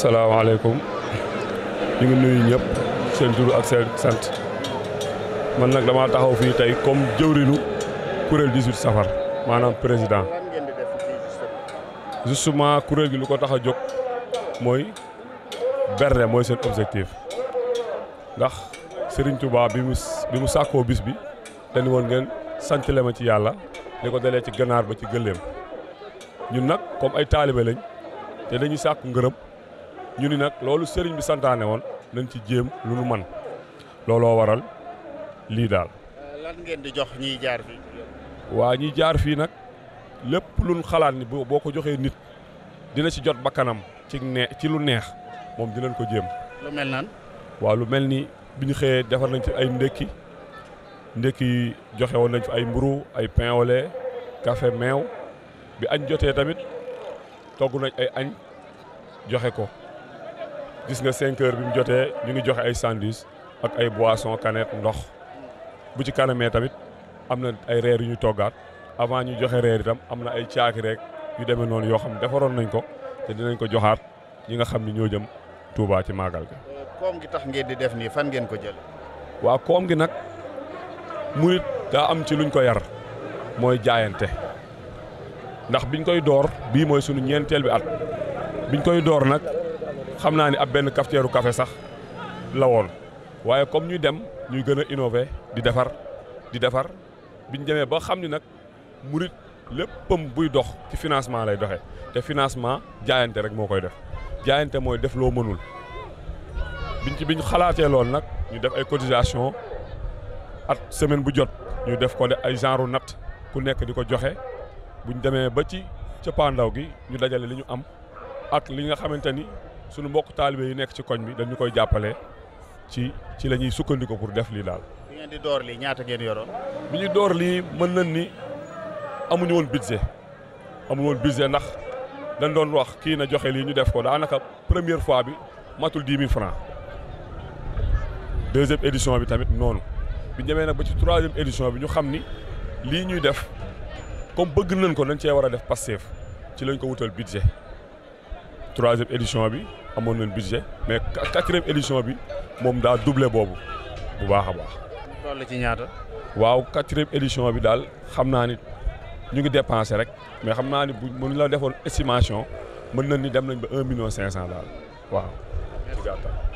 salaamaaleykum ñu ngi nuyu ñëpp seen tur ak seen sant man nag dama taxaw fii tey comme jëwrinu kuréel 18 safar maanaam président justement kuréel gi lu ko tax a jóg mooy berne mooy seen objectif ndax sëriñ Touba bi mu bi mu sàkkoo bis bi dañu woon ngeen sant le ma ci yàlla li ko dalee ci ganaar ba ci gëléem ñun nag comme ay taalibe lañ te dañuy sàkku ngërëm ñu ni nag loolu sëriñ bi santaane woon nañ ci jéem lu nu man looloo waral lii daal. lan jox ñiy jaar waa ñiy jaar fii nag lépp luñ xalaat ni boo ko joxee nit dina ci jot bakkanam ci ne ci lu neex moom dinañ ko jéem. lu mel nan. waaw lu mel ni bi ñu xëyee defar nañ ci ay ndékki ndékki joxe woon nañ fi ay mburu ay pain kafe meew bi añ jotee tamit togg nañ ay añ joxe ko. gis nga 5 heures bi mu jotee ñu ngi joxe ay sandwich ak ay boisson canette ndox bu ci kanamee tamit am na ay reer yu ñu toggaat avant ñu joxe reer itam am na ay caaki rek yu demee noonu yoo xam ne defaroon nañ ko te dinañ ko joxaat ñi nga xam ni ñoo jëm Touba ci màggal gi. Euh, koom gi tax ngeen di def nii fan ngeen ko jëlee. waaw koom gi nag murit daa am ci luñ ko yar mooy jaayante ndax biñ koy door bii mooy sunu ñeenteel bi at biñ koy door nag. xam naa ni ab benn cafetière café sax la woon waaye comme ñuy dem ñuy gën a innover di defar di defar biñ demee ba xam ni nag murit léppam buy dox ci financement lay doxee te financement jaayante rek moo koy def jaayante mooy def loo mënul biñ ci biñ xalaatee loolu nag ñu def ay cotisation at semaine bu jot ñu def ko de ay genre natt ku nekk di ko joxe buñ demee ba ci cëppaandaw gi ñu dajale li ñu am ak li nga xamante ni sunu mbokk taalibe yi nekk ci koñ bi dañu koy jàppale ci ci la ñuy sukkandiku pour def lii daal. bi ngeen di door lii ñaata ngeen yoroon. bi ñu door lii mën nañ ni amuñu woon budget amuñu woon budget ndax dañ doon wax kii na joxe lii ñu def ko naka première fois bi matul dix mille francs deuxième édition bi tamit noonu bi ñemee nag ba ci troisième édition bi ñu xam ni lii ñuy def comme bëgg nañ ko dañ cee war a def Pastef ci lañ ko wutal budget troisième édition bi. amoon nañ budget mais quatrième édition bi moom daa doublé boobu bu baax a baax. loolu ci ñaata. waaw quatrième édition bi daal xam naa nit ñu ngi dépensé rek mais xam naa ni bu mën la defoon estimation mën nañ ni dem nañ ba un million cinq cent daal waaw.